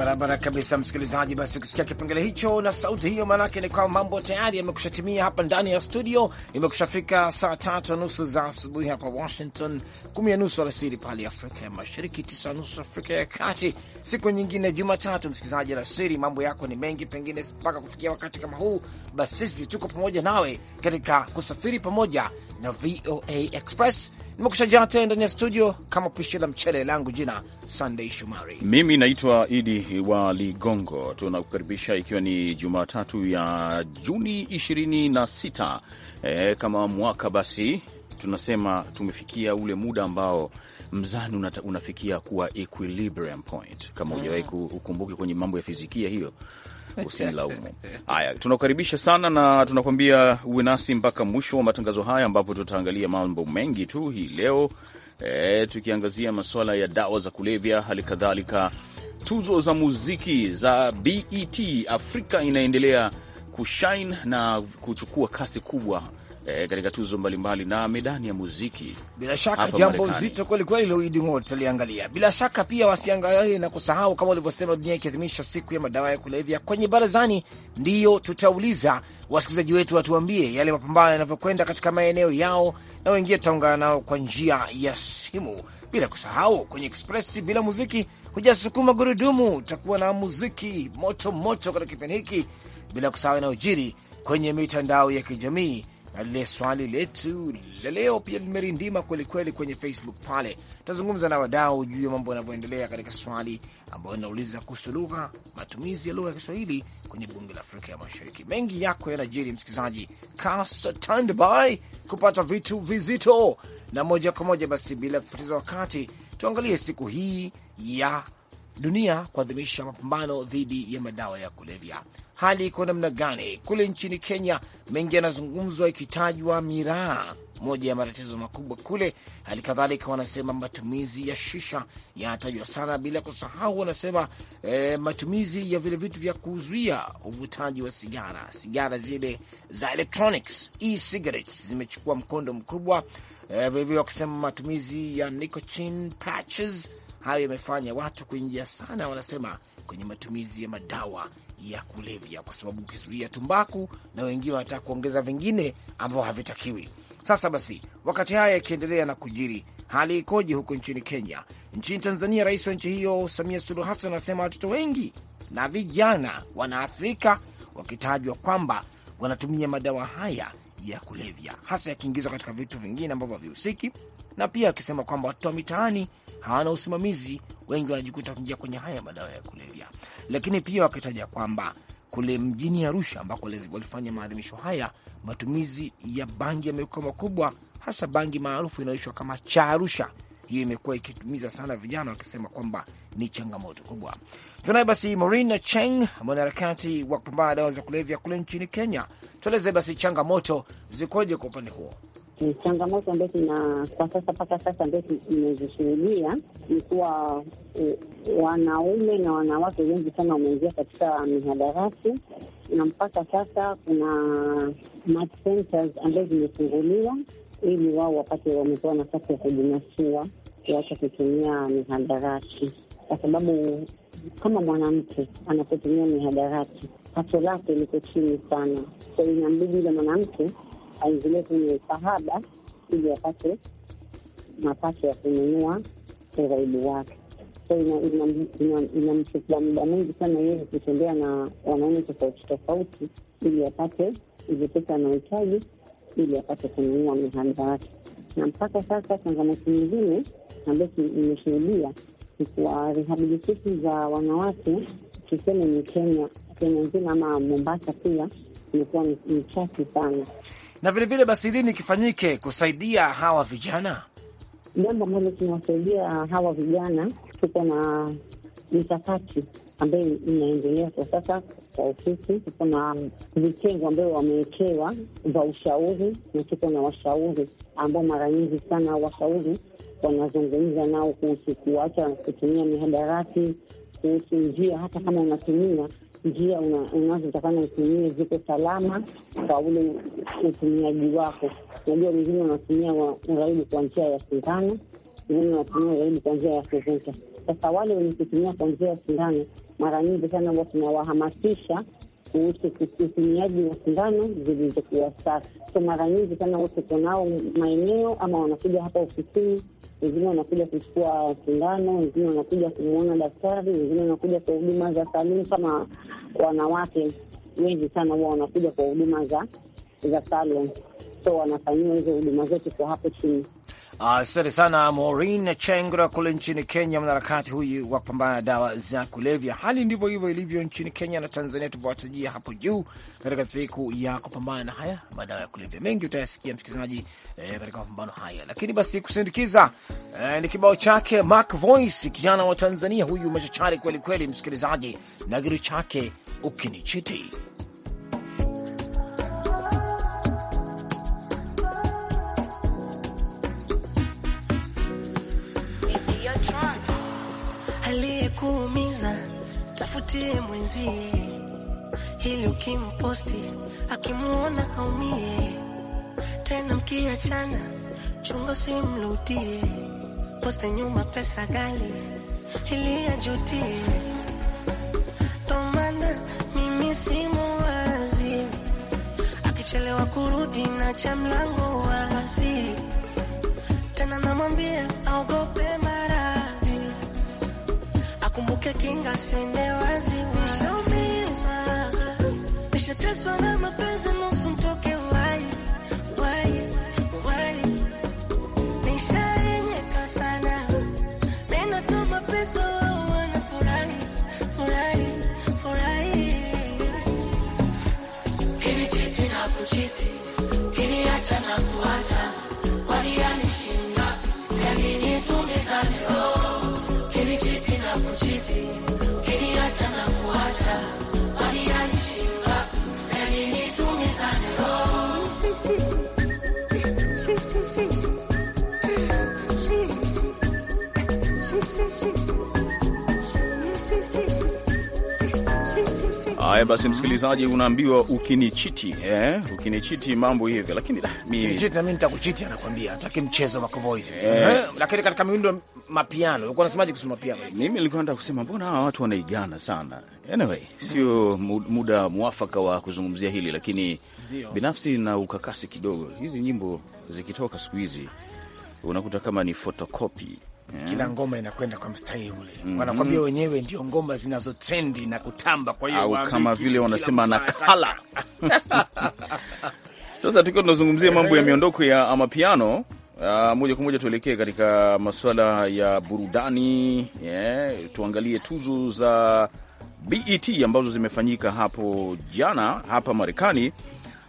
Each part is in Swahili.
Barabara kabisa, msikilizaji. Basi ukisikia kipengele hicho na sauti hiyo, maanake ni kwamba mambo tayari yamekushatimia hapa ndani ya studio. Imekushafika saa tatu nusu za asubuhi hapa Washington, kumi ya nusu alasiri pale Afrika ya Mashariki, tisa nusu Afrika ya Kati. Siku nyingine Jumatatu, msikilizaji alasiri, mambo yako ni mengi, pengine mpaka kufikia wakati kama huu, basi sisi tuko pamoja nawe katika kusafiri pamoja na VOA Express. Nimekushajaa tena ndani ya studio kama pishi la mchele langu, jina Sunday Shumari. Mimi naitwa Idi wa Ligongo. Tunakukaribisha ikiwa ni Jumatatu ya Juni 26 e, kama mwaka basi tunasema tumefikia ule muda ambao mzani unafikia kuwa equilibrium point. Kama hujawahi ukumbuke kwenye mambo ya fizikia hiyo usinilaumu. Haya, tunakukaribisha sana na tunakuambia uwe nasi mpaka mwisho wa matangazo haya ambapo tutaangalia mambo mengi tu hii leo, e, tukiangazia masuala ya dawa za kulevya, hali kadhalika Tuzo za muziki za BET Afrika inaendelea kushine na kuchukua kasi kubwa E, katika tuzo mbalimbali na medani ya muziki, bila shaka jambo zito kweli kweli utaliangalia. Bila shaka pia wasiangalie na kusahau, kama ulivyosema, dunia ikiadhimisha siku ya madawa ya kulevya. Kwenye barazani ndiyo tutauliza wasikilizaji wetu watuambie yale mapambano yanavyokwenda katika maeneo yao, na wengine tutaungana nao kwa njia ya simu, bila kusahau kwenye Express bila muziki hujasukuma gurudumu. Utakuwa na muziki moto moto katika kipindi hiki, bila kusahau inayojiri kwenye mitandao ya kijamii na lile swali letu la leo pia limerindima kwelikweli kwenye Facebook pale. Tutazungumza na wadau juu ya mambo yanavyoendelea katika swali ambayo inauliza kuhusu lugha, matumizi ya lugha ya Kiswahili kwenye bunge la Afrika ya Mashariki. Mengi yako yanajiri, msikilizaji, by kupata vitu vizito na moja kwa moja. Basi bila kupoteza wakati, tuangalie siku hii ya dunia kuadhimisha mapambano dhidi ya madawa ya kulevya. Hali iko namna gani kule nchini Kenya? Mengi yanazungumzwa, ikitajwa miraa moja ya matatizo makubwa kule. Hali kadhalika wanasema matumizi ya shisha yanatajwa sana, bila kusahau wanasema eh, matumizi ya vile vitu vya kuzuia uvutaji wa sigara, sigara zile za electronics, e-cigarettes zimechukua mkondo mkubwa Eh, vilevile wakisema matumizi ya nicotine patches hayo yamefanya watu kuingia sana, wanasema kwenye matumizi ya madawa ya kulevya, kwa sababu ukizuia tumbaku na wengine wanataka kuongeza vingine ambavyo havitakiwi. Sasa basi, wakati haya yakiendelea na kujiri, hali ikoje huko nchini Kenya? Nchini Tanzania, rais wa nchi hiyo Samia Suluhu Hassan anasema watoto wengi na vijana wanaathirika, wakitajwa kwamba wanatumia madawa haya ya kulevya, hasa yakiingizwa katika vitu vingine ambavyo havihusiki, na pia akisema kwamba watoto wa mitaani hawana usimamizi, wengi wanajikuta kuingia kwenye haya madawa ya kulevya. Lakini pia wakitaja kwamba kule mjini Arusha ambako walifanya maadhimisho haya, matumizi ya bangi yamekuwa makubwa, hasa bangi maarufu inaoishwa kama cha Arusha. Hiyo imekuwa ikitumiza sana vijana, wakisema kwamba ni changamoto kubwa. Tunaye basi Morin Cheng, mwanaharakati wa kupambana dawa za kulevya kule nchini Kenya. Tueleze basi changamoto zikoje kwa upande huo? Changamoto ambayo tuna kwa sasa mpaka sasa ambayo tumezishuhudia ni kuwa wanaume na wanawake wengi sana wameingia katika mihadarati, na mpaka sasa kuna ambayo centers zimefunguliwa ili wao wapate, wamepewa nafasi ya kujinasua, kuacha kutumia mihadarati, kwa sababu kama mwanamke anapotumia mihadarati pato lake liko chini sana, so inambidi ule mwanamke aingilie kwenye sahaba ili apate mapato ya kununua uraibu wake. So inamchukua muda mwingi sana yeye kutembea na wanaume tofauti tofauti ili apate ili pesa anahitaji ili apate kununua mihadarati. Na mpaka sasa changamoto nyingine ambayo imeshuhudia kwa rehabilitation za wanawake, tuseme ni Kenya, Kenya nzima ama Mombasa pia imekuwa ni chache sana, na vilevile basi lini kifanyike kusaidia hawa vijana? Jambo ambalo tunawasaidia hawa vijana, tuko na mikakati ambayo inaendelea kwa sasa kwa ofisi. Tuko na vitengo ambayo wamewekewa vya ushauri, na tuko na washauri ambao mara nyingi sana washauri wanazungumza nao kuhusu kuacha kutumia mihadarati, kuhusu njia, hata kama unatumia njia unazotakana utumie ziko salama kwa ule utumiaji wako. najua wengine wanatumia uraibu kwa njia ya sindano umeme watumia zaidi kwa njia ya kuvuta. Sasa wale wenye kutumia kwa njia ya sindano, mara nyingi sana huwa tunawahamasisha kuhusu utumiaji wa sindano zilizokuwa safi. So mara nyingi sana huwa tuko nao maeneo, ama wanakuja hapa ofisini, wengine wanakuja kuchukua sindano, wengine wanakuja kumwona daktari, wengine wanakuja kwa huduma za saluni. Kama wanawake wengi sana huwa wanakuja kwa huduma za za saluni, so wanafanyiwa hizo huduma zote kwa hapo chini. Asante sana Maureen Chengra kule nchini Kenya, mwanaharakati huyu wa kupambana na dawa za kulevya. Hali ndivyo hivyo ilivyo nchini Kenya na Tanzania, tupowatajia hapo juu katika siku ya kupambana na haya madawa ya kulevya. Mengi utayasikia msikilizaji, eh, katika mapambano haya, lakini basi kusindikiza eh, ni kibao chake Mark Voice, kijana wa Tanzania huyu machachari kwelikweli, msikilizaji, na kitu chake ukinichiti mtie mwenzie, hili ukimposti akimwona aumie. Tena mkiachana, chunga simrudie, poste nyuma pesa gali ili ajutie. Tomana mimi simuwazi, akichelewa kurudi na cha mlango wazi, tena namwambia aogope Nijiweke kinga sine wazi, nishaumizwa, nishateswa na mapenzi nusu ntoke wai, wai, wai, nishaenyeka sana, ninatoa mapeso wanafurahi, furahi, na kuchiti, kiniacha na kuacha Haya basi, msikilizaji, unaambiwa ukinichiti, eh, ukinichiti mambo hivi, lakini mimi chiti na mimi nitakuchiti, anakuambia hataki mchezo wa Voice eh. eh lakini katika miundo mapiano, ulikuwa unasemaje kusema piano? Mimi nilikuwa nataka kusema mbona hawa watu wanaigana sana. Anyway, sio muda mwafaka wa kuzungumzia hili, lakini Binafsi na ukakasi kidogo, hizi nyimbo zikitoka siku hizi unakuta kama ni fotokopi Yeah. Kila ngoma inakwenda kwa mstari ule mm -hmm. Wanakwambia wenyewe ndio ngoma zinazotrendi na kutamba, kwa hiyo au kama vile wanasema nakala. Sasa tukiwa tunazungumzia mambo ya miondoko ya amapiano, uh, ah, moja kwa moja tuelekee katika masuala ya burudani yeah. Tuangalie tuzo za BET ambazo zimefanyika hapo jana hapa Marekani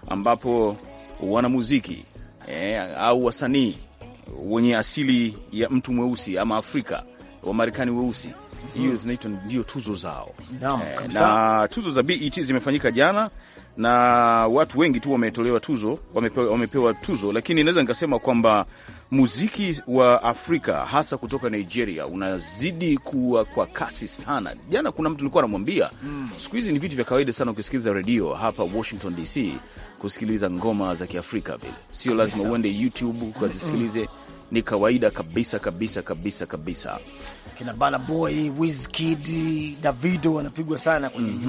ambapo wanamuziki eh, au wasanii wenye asili ya mtu mweusi ama Afrika wa marekani weusi hiyo mm -hmm. zinaitwa ndio tuzo zao Naam, eh, na tuzo za BET zimefanyika jana na watu wengi tu wametolewa tuzo, wamepewa, wamepewa tuzo, lakini naweza nikasema kwamba muziki wa Afrika hasa kutoka Nigeria unazidi kuwa kwa kasi sana. Jana kuna mtu alikuwa anamwambia mm, siku hizi ni vitu vya kawaida sana ukisikiliza redio hapa Washington DC kusikiliza ngoma za Kiafrika vile, sio lazima uende YouTube ukazisikilize. Hmm. Ni kawaida kabisa kabisa kabisa kabisa. Kina Bala Boy, Wizkid, Davido wanapigwa sana kwenye mm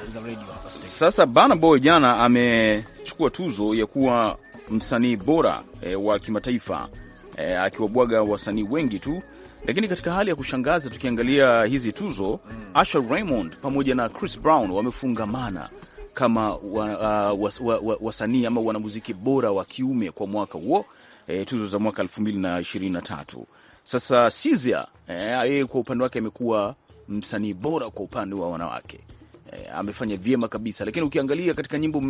-hmm. za redio hapa state. Sasa Bana Boy jana amechukua tuzo ya kuwa msanii bora e, wa kimataifa eh, akiwabwaga wasanii wengi tu, lakini katika hali ya kushangaza tukiangalia hizi tuzo mm. Asha Raymond pamoja na Chris Brown wamefungamana kama wa, uh, was, wa, wa, wasanii ama wanamuziki bora wa kiume kwa mwaka huo eh, tuzo za mwaka 223 Sasa Sizia eh, yeye eh, kwa upande wake amekuwa msanii bora kwa upande wa wanawake eh, amefanya vyema kabisa, lakini ukiangalia katika nyimbo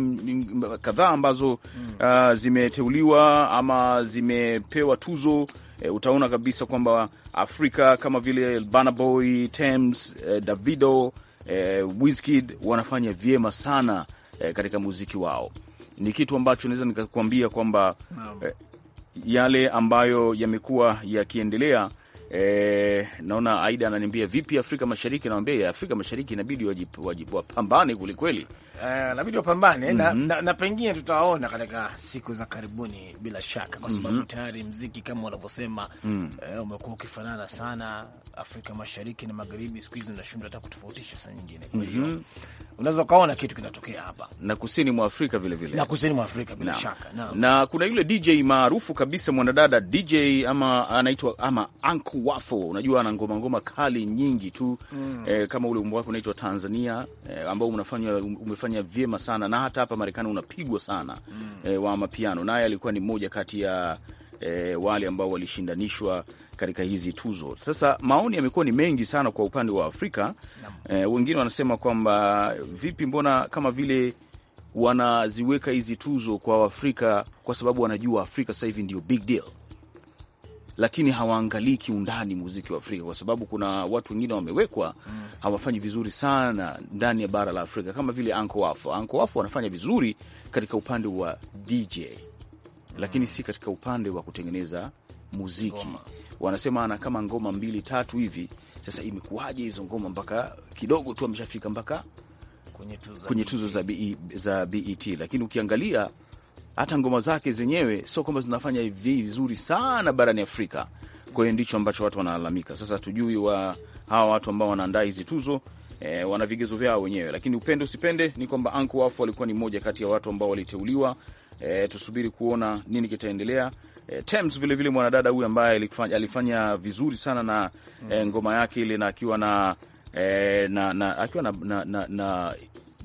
kadhaa ambazo mm. uh, zimeteuliwa ama zimepewa tuzo eh, utaona kabisa kwamba Afrika kama vile Burna Boy, Tems, eh, Davido, eh, Wizkid wanafanya vyema sana eh, katika muziki wao. Ni kitu ambacho naweza nikakuambia kwamba no. eh, yale ambayo yamekuwa yakiendelea E, naona Aida ananiambia vipi Afrika Mashariki, naambia Afrika Mashariki inabidi wapambane kwelikweli, eh, inabidi wapambane mm -hmm. na, mhm. na, na pengine tutaona katika siku za karibuni bila shaka, kwa sababu mm -hmm. tayari mziki kama wanavyosema mm -hmm. e, umekuwa ukifanana sana Afrika Mashariki na Magharibi, siku hizi unashindwa hata kutofautisha saa nyingine, kwa hiyo mm unaweza ukaona kitu kinatokea hapa na kusini mwa Afrika vile vile. Na kusini mwa Afrika bila shaka na. Na kuna yule DJ maarufu kabisa mwanadada DJ ama anaitwa ama Anku Wafo, unajua ana ngoma ngoma kali nyingi tu mm. Eh, kama ule umbo wake unaitwa Tanzania eh, ambao unafanya umefanya vyema sana na hata hapa Marekani unapigwa sana mm. Eh, wa mapiano naye alikuwa ni mmoja kati ya eh, wale ambao walishindanishwa katika hizi tuzo. Sasa maoni yamekuwa ni mengi sana kwa upande wa Afrika e, wengine wanasema kwamba vipi, mbona kama vile wanaziweka hizi tuzo kwa Afrika kwa sababu wanajua Afrika sasa hivi ndio big deal, lakini hawaangalii kiundani muziki wa Afrika kwa sababu kuna watu wengine wamewekwa mm, hawafanyi vizuri sana ndani ya bara la Afrika kama vile Anko Wafo. Anko Wafo wanafanya vizuri katika upande wa DJ mm. lakini si katika upande wa kutengeneza muziki Goma wanasema ana kama ngoma mbili tatu hivi. Sasa imekuwaje hizo ngoma mpaka kidogo tu ameshafika mpaka kwenye tuzo za, e za BET? E lakini ukiangalia hata ngoma zake zenyewe sio kwamba zinafanya hivi vizuri sana barani Afrika. Kwa hiyo ndicho ambacho watu wanalalamika. Sasa tujui wa hawa watu ambao wanaandaa hizi tuzo E, wana vigezo vyao wenyewe, lakini upende usipende ni kwamba Anko Wafu alikuwa ni mmoja kati ya watu ambao waliteuliwa. E, tusubiri kuona nini kitaendelea, e, vile vilevile mwanadada huyu ambaye alifanya vizuri sana na mm. e, ngoma yake ile na akiwa na, e, na, na akiwa na, na, na, na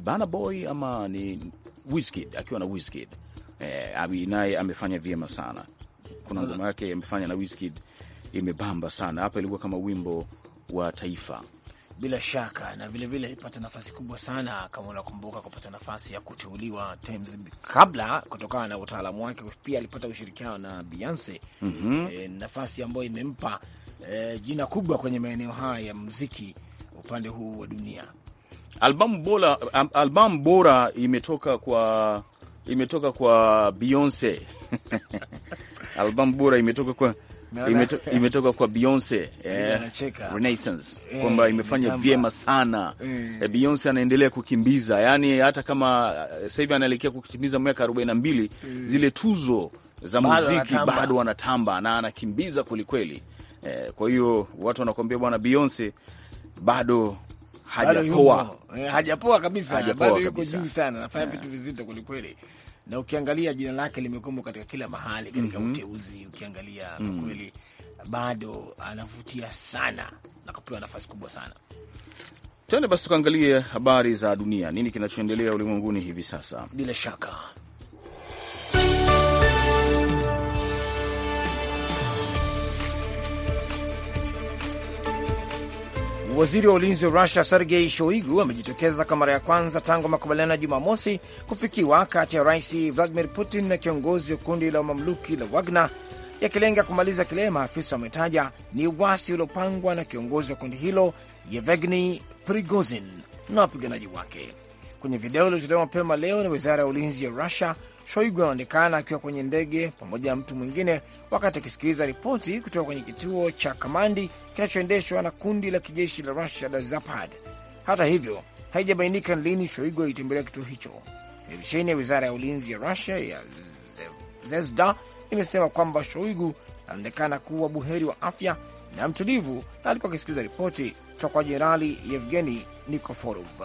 Burna Boy ama ni Wizkid, akiwa na Wizkid e, naye amefanya vyema sana. Kuna mm. ngoma yake amefanya na Wizkid imebamba sana hapa, ilikuwa kama wimbo wa taifa bila shaka na vilevile ipata nafasi kubwa sana, kama unakumbuka, kupata nafasi ya kuteuliwa Times kabla, kutokana na utaalamu wake. Pia alipata ushirikiano na Beyonce mm -hmm. E, nafasi ambayo imempa e, jina kubwa kwenye maeneo haya ya muziki upande huu wa dunia. Albamu bora, albamu bora imetoka kwa imetoka kwa Beyonce albamu bora imetoka kwa imeto, imetoka kwa Beyonce eh, Renaissance eh, kwamba imefanya vyema sana eh. eh Beyonce anaendelea kukimbiza, yani hata kama eh, sasa hivi anaelekea kukimbiza miaka 42 mm. zile tuzo za bado muziki anatamba, bado anatamba na anakimbiza kwelikweli eh, kwa hiyo watu wanakuambia bwana Beyonce bado hajapoa, eh, hajapoa kabisa, bado yuko juu sana, anafanya vitu vizito kwelikweli na ukiangalia jina lake limekumbwa katika kila mahali katika mm -hmm. uteuzi ukiangalia mm -hmm. kweli bado anavutia sana na kupewa nafasi kubwa sana. Tuende basi tukaangalie habari za dunia, nini kinachoendelea ulimwenguni hivi sasa. Bila shaka Waziri wa ulinzi wa Rusia Sergei Shoigu amejitokeza kwa mara ya kwanza tangu makubaliano ya Jumamosi kufikiwa kati ya Rais Vladimir Putin na kiongozi wa kundi la mamluki la Wagner, yakilenga kumaliza kile maafisa wametaja ni uwasi uliopangwa na kiongozi wa kundi hilo Yevgeny Prigozhin na wapiganaji wake. Kwenye video iliyotolewa mapema leo na wizara ya ulinzi ya Rusia, Shoigu anaonekana akiwa kwenye ndege pamoja na mtu mwingine wakati akisikiliza ripoti kutoka kwenye kituo cha kamandi kinachoendeshwa na kundi la kijeshi la Rusia la Zapad. Hata hivyo, haijabainika ni lini Shoigu alitembelea kituo hicho. Televisheni ya wizara ya ulinzi ya Rusia ya Zvezda imesema kwamba Shoigu anaonekana kuwa buheri wa afya na mtulivu, na alikuwa akisikiliza ripoti toka kwa Jenerali Yevgeni Nikoforov.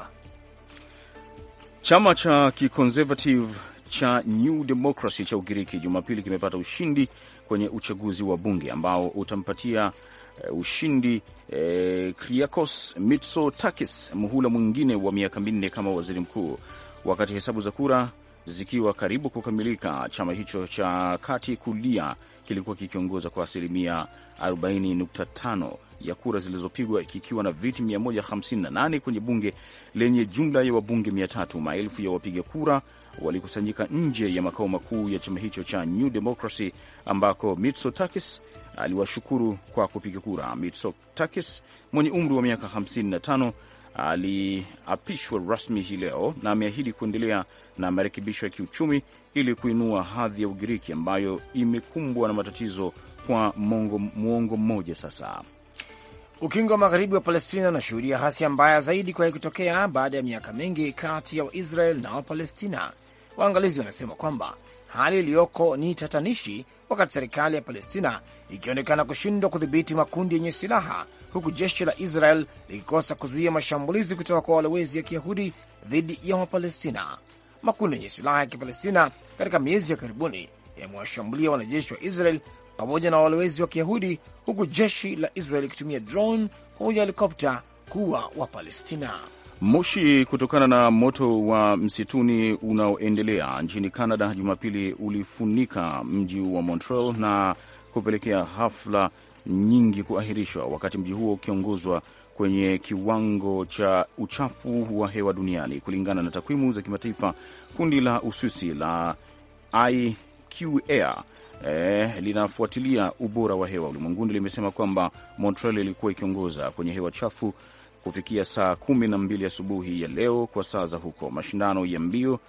Chama cha kiconservative cha New Democracy cha Ugiriki Jumapili kimepata ushindi kwenye uchaguzi wa bunge ambao utampatia eh, ushindi eh, Kriakos Mitsotakis muhula mwingine wa miaka minne kama waziri mkuu. Wakati hesabu za kura zikiwa karibu kukamilika, chama hicho cha kati kulia kilikuwa kikiongoza kwa asilimia 40.5 ya kura zilizopigwa kikiwa na viti 158 kwenye bunge lenye jumla ya wabunge 300. Maelfu ya wapiga kura walikusanyika nje ya makao makuu ya chama hicho cha New Democracy ambako Mitsotakis aliwashukuru kwa kupiga kura. Mitsotakis mwenye umri wa miaka 55 aliapishwa rasmi hii leo na ameahidi kuendelea na marekebisho ya kiuchumi ili kuinua hadhi ya Ugiriki ambayo imekumbwa na matatizo kwa muongo mmoja sasa. Ukingo wa magharibi wa Palestina unashuhudia ghasia mbaya zaidi kuwahi kutokea baada ya miaka mingi kati ya Waisrael na Wapalestina. Waangalizi wanasema kwamba hali iliyoko ni tatanishi, wakati serikali ya Palestina ikionekana kushindwa kudhibiti makundi yenye silaha, huku jeshi la Israel likikosa kuzuia mashambulizi kutoka kwa walowezi ya Kiyahudi dhidi ya Wapalestina. Makundi yenye silaha ya Kipalestina katika miezi ya karibuni yamewashambulia wanajeshi wa Israel pamoja na walowezi wa Kiyahudi, huku jeshi la Israel likitumia drone pamoja na helikopta kuwa Wapalestina. Moshi kutokana na moto wa msituni unaoendelea nchini Canada Jumapili ulifunika mji wa Montreal na kupelekea hafla nyingi kuahirishwa, wakati mji huo ukiongozwa kwenye kiwango cha uchafu wa hewa duniani. Kulingana na takwimu za kimataifa, kundi la Uswisi la IQ eh, linafuatilia ubora wa hewa ulimwenguni limesema kwamba Montreal ilikuwa ikiongoza kwenye hewa chafu kufikia saa 12 asubuhi ya leo kwa saa za huko. Mashindano ya mbio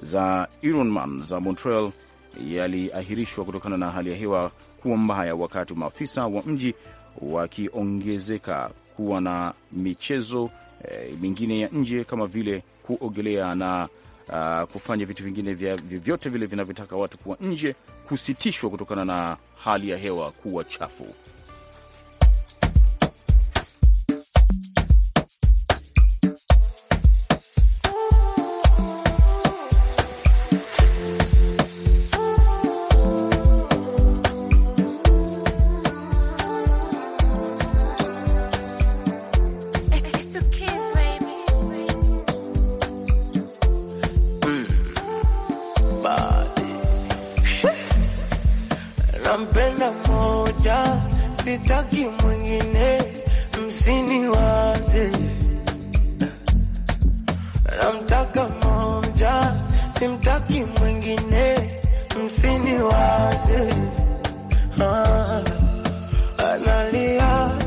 za Ironman za Montreal yaliahirishwa kutokana na hali ya hewa kuwa mbaya, wakati maafisa wa mji wakiongezeka kuwa na michezo e, mingine ya nje kama vile kuogelea na a, ah, kufanya vitu vingine vyovyote vile vinavyotaka watu kuwa nje kusitishwa kutokana na hali ya hewa kuwa chafu. nampenda moja, sitaki mwingine, msini waze. Namtaka moja, simtaki mwingine, msini waze. Ah, analia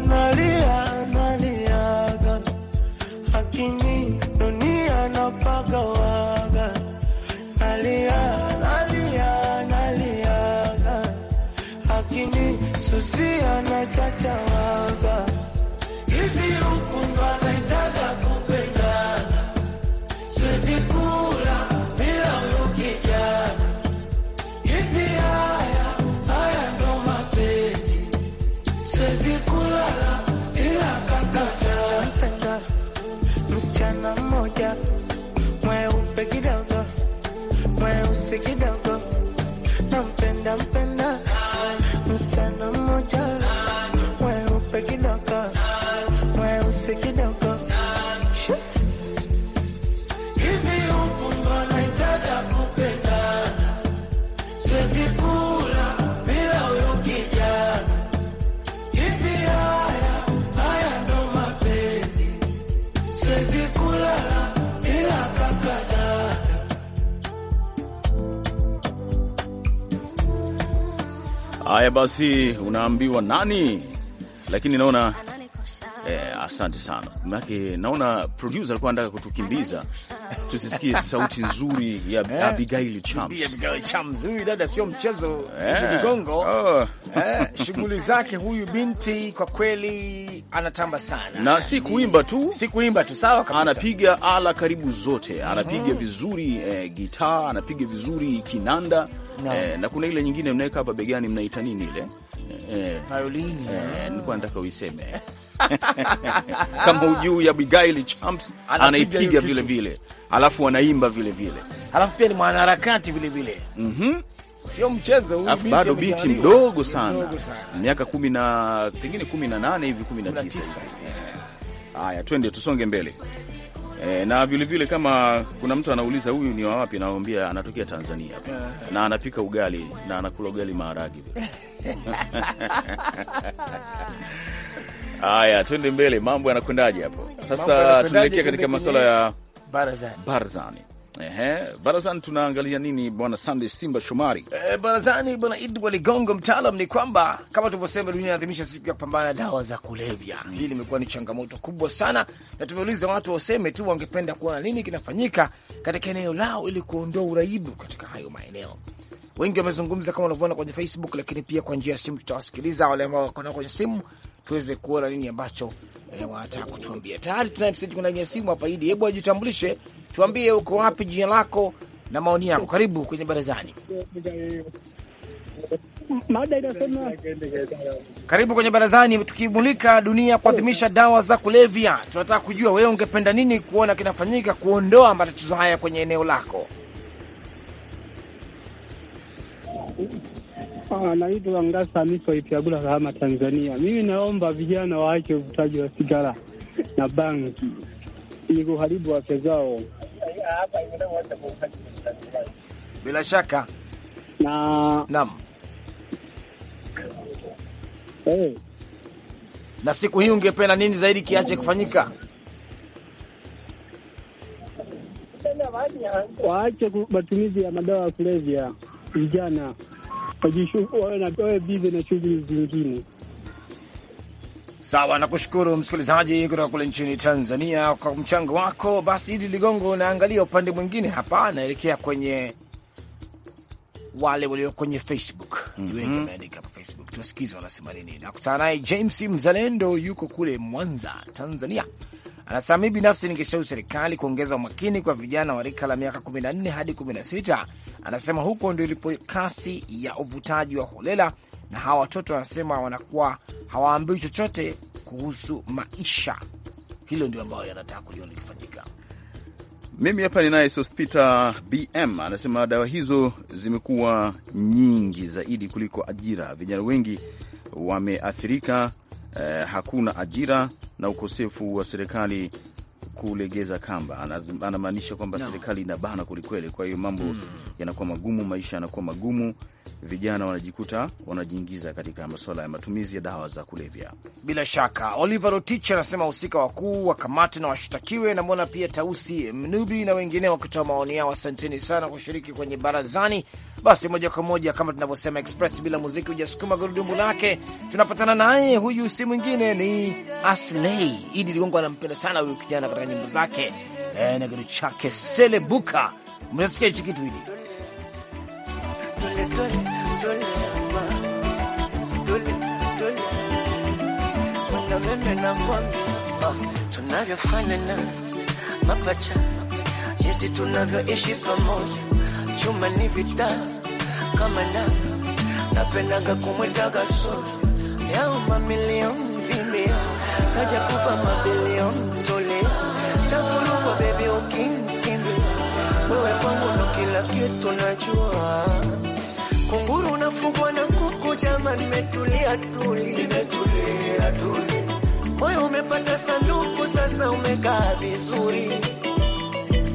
kuja mweupe kidogo, mweusi kidogo, nampenda mpenda Haya basi, unaambiwa nani? Lakini naona eh, asante sana maanake naona producer alikuwa anataka kutukimbiza tusisikie sauti nzuri ya eh, Abigail Chams. dada sio mchezo Ligongo eh, oh. eh, shughuli zake huyu binti kwa kweli anatamba sana, na si kuimba tu, si kuimba tu, sawa kabisa. Anapiga ala karibu zote, anapiga mm -hmm. vizuri eh, gitaa, anapiga vizuri kinanda No. Eh, na kuna ile nyingine mnaweka hapa begani mnaita nini ile? Eh, eh, Eh, nilikuwa nataka uiseme kama ujuu ya Abigail Chams anaipiga vile vile, alafu anaimba vile vile, alafu pia ni mwanaharakati vile vile mm-hmm. Sio mchezo huyu, bado binti mdogo sana, miaka kumi na pengine kumi na nane hivi kumi na tisa. Haya, twende tusonge mbele e, na vilevile vile kama kuna mtu anauliza huyu ni wapi, nawambia anatokea Tanzania uh-huh. na anapika ugali na anakula ugali maharagi Haya, twende mbele, mambo yanakwendaje hapo sasa? Tunaelekea katika masuala ya barazani, barazani. Ehe, barazani tunaangalia nini bwana sande Simba Shomari? E, barazani bwana Idwa Ligongo mtaalam, ni kwamba kama tulivyosema, dunia inaadhimisha siku ya kupambana na dawa za kulevya. Mm. Hili limekuwa ni changamoto kubwa sana, na tumeuliza watu waseme tu wangependa kuona nini kinafanyika katika eneo lao ili kuondoa uraibu katika hayo maeneo wengi wamezungumza kama unavyoona kwenye Facebook, lakini pia kwa njia ya simu tutawasikiliza wale ambao wako nao kwenye simu tuweze kuona nini ambacho eh, wanataka kutuambia. Tayari tunaye msikilizaji ndani ya simu hapa. Idi, hebu ajitambulishe, tuambie uko wapi, jina lako na maoni yako. Karibu kwenye barazani. Mada inasema karibu kwenye barazani, tukimulika dunia kuadhimisha dawa za kulevya. Tunataka kujua wewe ungependa nini kuona kinafanyika kuondoa matatizo haya kwenye eneo lako. yangu. Ah, naitwa Ngasa Hamisi Waitiagula, Kahama, Tanzania. Mimi naomba vijana waache uvutaji wa sigara na bangi ni kuharibu afya zao. Bila shaka na naam. Hey. Eh. Na siku hii ungependa nini zaidi kiache kufanyika? Waache matumizi ya madawa ya kulevya vijana wawe bize na shughuli zingine. Sawa, nakushukuru msikilizaji kutoka kule nchini Tanzania kwa mchango wako. Basi hili Ligongo, naangalia upande mwingine hapa, naelekea kwenye wale walio kwenye Facebook. Ni wengi mhm. wameandika hapa Facebook, tuwasikize wanasema nini. Nakutana naye James Mzalendo, yuko kule Mwanza, Tanzania. Anasema mi binafsi ningeshauri serikali kuongeza umakini kwa vijana wa rika la miaka 14 hadi 16. Anasema huko ndio ilipo kasi ya uvutaji wa holela, na hawa watoto wanasema wanakuwa hawaambiwi chochote kuhusu maisha. Hilo ndio ambayo yanataka kuliona likifanyika. Mimi hapa ninaye Sospita BM anasema dawa hizo zimekuwa nyingi zaidi kuliko ajira. Vijana wengi wameathirika, eh, hakuna ajira na ukosefu wa serikali kulegeza kamba, anamaanisha kwamba no. serikali inabana kwelikweli, kwa hiyo mambo mm. yanakuwa magumu, maisha yanakuwa magumu vijana wanajikuta wanajiingiza katika masuala ya matumizi ya dawa za kulevya. Bila shaka, Oliver Rotich anasema wahusika wakuu wakamate na washtakiwe. Namwona pia Tausi Mnubi na wengine wakitoa maoni yao. Asanteni sana kushiriki kwenye barazani. Basi moja kwa moja kama tunavyosema express, bila muziki hujasukuma gurudumu lake. Tunapatana naye, huyu si mwingine ni Asley Idi Ligongo. Anampenda sana huyu kijana katika nyimbo zake eh, na kitu chake Selebuka. Mnasikia hichi kitu hili tena kwangu oh, ah, tunavyofanana mapacha jinsi tunavyoishi pamoja, chuma ni vitani kama na napendaga kumwitaga sote yao mamilioni vimeo kaja kupa mabilioni toleo takulukwa bebi ukinkimbilia wewe kwangu ndo kila kitu najua kunguru unafugwa na kuku jama nimetulia tuli, nimetulia tuli oyo umepata sanduku sasa, umekaa vizuri,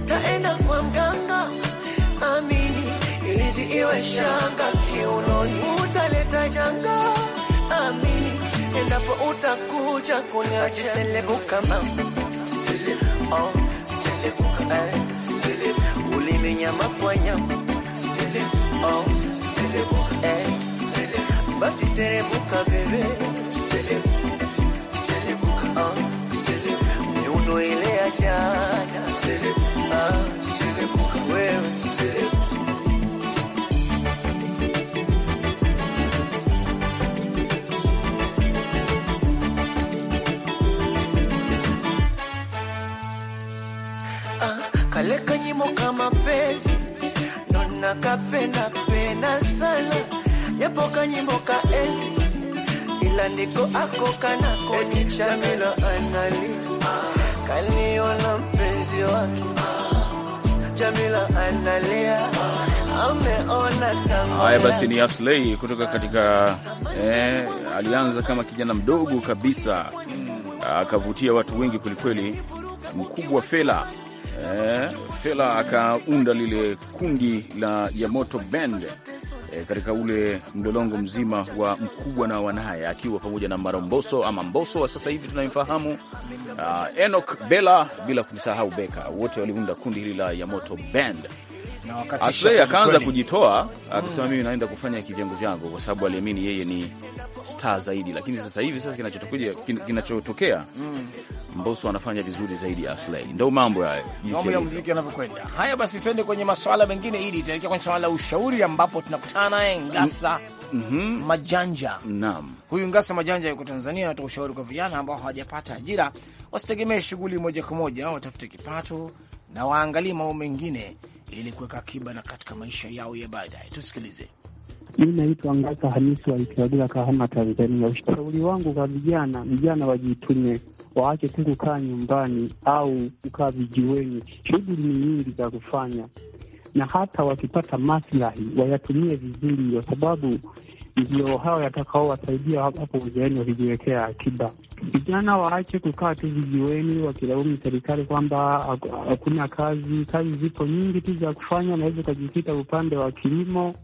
taenda kwa mganga, amini ilizi iwe shanga kiunoni, utaleta janga, amini endapo utakuja kuniacha selebuka mama oh, eh, ulimi nyama kwa nyama oh, eh, basi selebuka bebe selebuka kapena pena sana japo kanyimbo ka enzi ila ndiko ako kanako ni Chamila anali kaniona mpenzi wake Chamila analia Haya basi, ni Aslei kutoka katika eh, alianza kama kijana mdogo kabisa hmm, akavutia watu wengi kwelikweli, mkubwa Fela eh, Fela akaunda lile kundi la Yamoto Band eh, katika ule mlolongo mzima wa Mkubwa na Wanaye, akiwa pamoja na Maromboso ama Mboso wa sasa hivi tunamfahamu, uh, ah, Enok Bela, bila kumsahau Beka. Wote waliunda kundi hili la Yamoto Band. Aslei akaanza kujitoa mm. akisema, mimi naenda kufanya kivyangu vyangu, kwa sababu aliamini yeye ni star zaidi. Lakini sasa hivi sasa kinachotokea, kinachotokea mm. Mbosso anafanya vizuri zaidi ya Aslay. Ndio mambo hayo, jinsi ya muziki yanavyokwenda. Haya basi, tuende kwenye masuala mengine, ili tuelekea kwenye swala la ushauri, ambapo tunakutana naye Ngasa mm -hmm. Majanja. Naam, huyu Ngasa Majanja yuko Tanzania, anatoa ushauri kwa vijana ambao hawajapata ajira, wasitegemee shughuli moja kwa moja, watafute kipato na waangalie mambo mengine ili kuweka akiba na katika maisha yao ya baadaye. Tusikilize. Mimi naitwa Ngasa Hamisi wa Ikiagula, Kahama, Tanzania. Ushauri wangu kwa vijana, vijana wajitume, waache tu kukaa nyumbani au kukaa vijiweni. Shughuli ni nyingi za kufanya, na hata wakipata maslahi wayatumie vizuri, kwa sababu ndio hao yatakaowasaidia hapo uzeeni, wakijiwekea akiba. Vijana waache kukaa tu vijiweni wakilaumu serikali kwamba hakuna kazi. Kazi zipo nyingi tu za kufanya, naweza ukajikita upande wa kilimo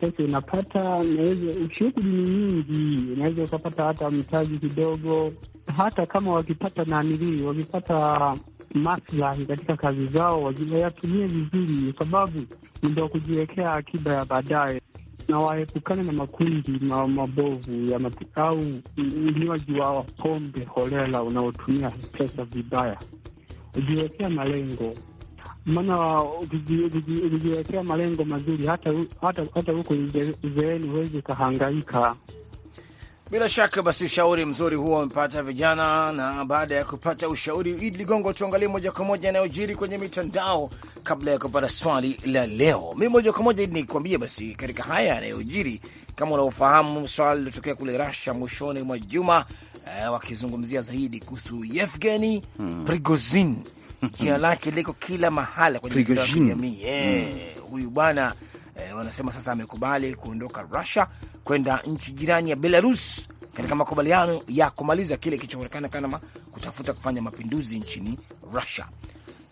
pesa unapata, shughuli ni nyingi, unaweza ukapata hata mtaji kidogo, hata kama wakipata nanilii, wakipata maslahi katika kazi zao, wayatumie vizuri, kwa sababu ndo kujiwekea akiba ya baadaye na waepukane na makundi ma mabovu ya matu, au unywaji wa pombe holela unaotumia pesa vibaya. Ujiwekea malengo maana ukijiwekea malengo mazuri hata hata hata huko uzeeni huwezi ukahangaika. Bila shaka basi, ushauri mzuri huo wamepata vijana. Na baada ya kupata ushauri, Idi Ligongo, tuangalie moja kwa moja yanayojiri kwenye mitandao kabla ya kupata swali la leo. Mi moja kwa moja nikuambie basi, katika haya yanayojiri, kama unavyofahamu, swala lilotokea kule rasha mwishoni mwa juma, uh, wakizungumzia zaidi kuhusu Yevgeni hmm, Prigozin jina lake liko kila mahala kwenye mitandao ya kijamii yeah. mm. Huyu bwana eh, wanasema sasa amekubali kuondoka Russia kwenda nchi jirani ya Belarus katika makubaliano ya kumaliza kile kilichoonekana kama kutafuta kufanya mapinduzi nchini Russia.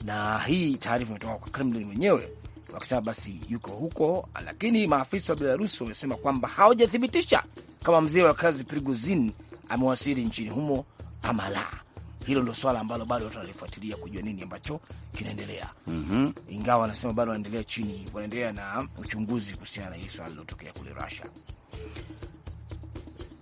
Na hii taarifa imetoka kwa Kremlin mwenyewe wakisema basi yuko huko, lakini maafisa wa Belarus wamesema kwamba hawajathibitisha kama mzee wa kazi Prigozhin amewasili nchini humo ama la hilo ndo swala ambalo bado watu wanalifuatilia kujua nini ambacho kinaendelea. mm -hmm. Ingawa wanasema bado wanaendelea chini, wanaendelea na uchunguzi kuhusiana na hii swala lilotokea kule Russia.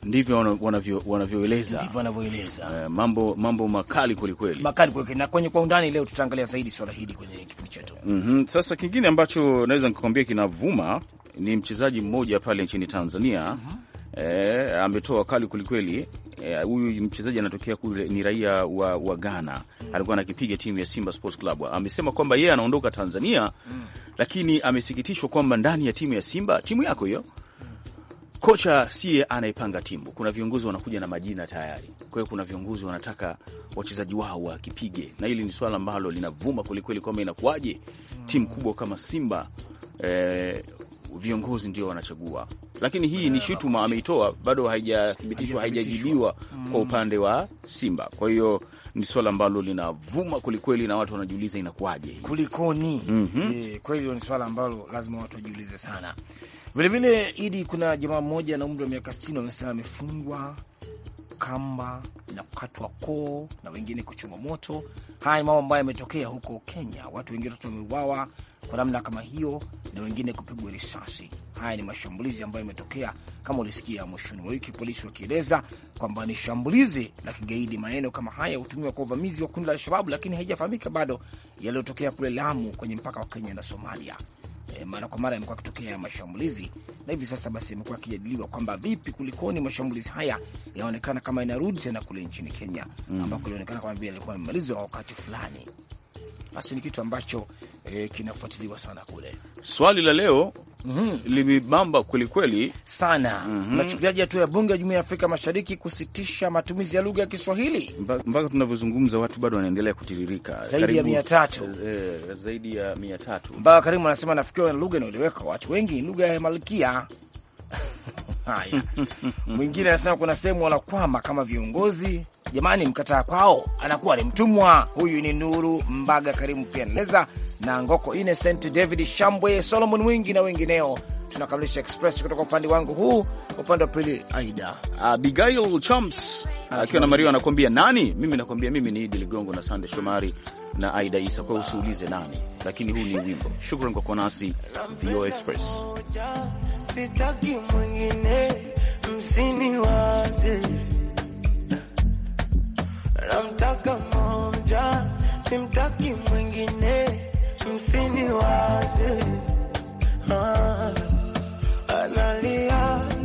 Ndivyo wanavyoeleza ndivyo wanavyoeleza. Uh, mambo mambo makali kwelikweli, makali kwelikweli, na kwenye kwa undani leo tutaangalia zaidi swala hili kwenye kipindi chetu. mm -hmm. Sasa kingine ambacho naweza nikakwambia kinavuma ni mchezaji mmoja pale nchini Tanzania. mm -hmm. E, ametoa kali kwelikweli Eh, huyu eh, mchezaji anatokea kule, ni raia wa, wa Ghana mm. alikuwa anakipiga timu ya Simba Sports Club. Amesema kwamba yeye anaondoka Tanzania mm. lakini amesikitishwa kwamba ndani ya timu ya Simba, timu yako hiyo mm. kocha siye anayepanga timu. Kuna viongozi wanakuja na majina tayari, kwa hiyo kuna viongozi wanataka wachezaji wao wakipige, na hili ni swala ambalo linavuma kwelikweli, kwamba inakuwaje mm. timu kubwa kama Simba eh, viongozi ndio wanachagua, lakini hii ni shutuma ameitoa, bado haijathibitishwa, haijajibiwa mm, kwa upande wa Simba. Kwa hiyo ni swala ambalo linavuma kwelikweli na watu wanajiuliza inakuwaje, kulikoni? mm -hmm. E, hiyo ni swala ambalo lazima watu wajiulize sana. Vilevile Idi, kuna jamaa mmoja na umri wa miaka sitini wamesema amefungwa kamba na kukatwa koo na wengine kuchoma moto. Haya ni mambo ambayo yametokea huko Kenya, watu wengine watoto wameuawa kwa namna kama hiyo na wengine kupigwa risasi. Haya ni mashambulizi ambayo imetokea kama ulisikia mwishoni mwa wiki, polisi wakieleza kwamba ni shambulizi la kigaidi. Maneno kama haya hutumiwa kwa uvamizi wa kundi la Alshababu, lakini haijafahamika bado yaliyotokea kule Lamu kwenye mpaka wa Kenya na Somalia. E, mara kwa mara yamekuwa akitokea ya mashambulizi na hivi sasa basi yamekuwa akijadiliwa kwamba vipi, kulikoni mashambulizi haya yaonekana kama inarudi tena kule nchini Kenya, mm, ambako ilionekana kama vile alikuwa amemalizwa wakati fulani basi ni kitu ambacho eh, kinafuatiliwa sana kule. Swali la leo mm -hmm. limebamba kwelikweli sana mm -hmm. Nachukuliaje hatua ya bunge ya jumuiya ya Afrika Mashariki kusitisha matumizi ya lugha ya Kiswahili? Mpaka tunavyozungumza watu bado wanaendelea kutiririka zaidi ya mia tatu eh, eh, zaidi ya mia tatu mpaka Karimu anasema nafikiri na lugha inaeleweka watu wengi, lugha ya Malkia Haya, mwingine anasema kuna sehemu wanakwama kama viongozi Jamani, mkataa kwao anakuwa ni mtumwa. Huyu ni Nuru Mbaga, Karimu Pianleza na Ngoko, Innocent David Shambwe, Solomon Wingi na wengineo. Tunakamilisha Express kutoka upande wangu huu, upande wa pili Aida ah, Abigail Chams ah, akiwa na Mario anakuambia nani. Mimi nakuambia mimi ni Idi Ligongo na Sande Shomari na Aida Isa, kwa usiulize nani, lakini huu ni wimbo. Shukran kwa kuwa nasi Express. Sitaki mwingine msiniwaze namtaka moja, simtaki mwingine, msiniwaze ah, analia